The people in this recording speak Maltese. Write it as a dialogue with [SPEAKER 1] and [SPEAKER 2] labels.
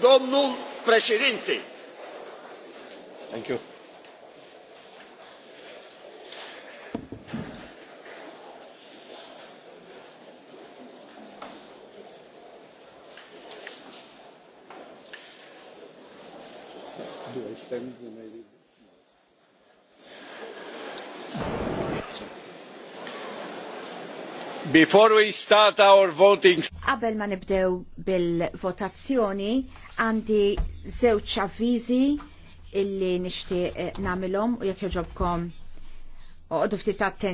[SPEAKER 1] domnul președinte.
[SPEAKER 2] Thank you.
[SPEAKER 3] Do I stand when
[SPEAKER 4] Before we start our voting.
[SPEAKER 5] Qabel ma nibdew bil-votazzjoni għandi żewġ avviżi illi nixtieq eh, nagħmilhom
[SPEAKER 6] u jekk jogħġobkom oqgħodu ftit attenti.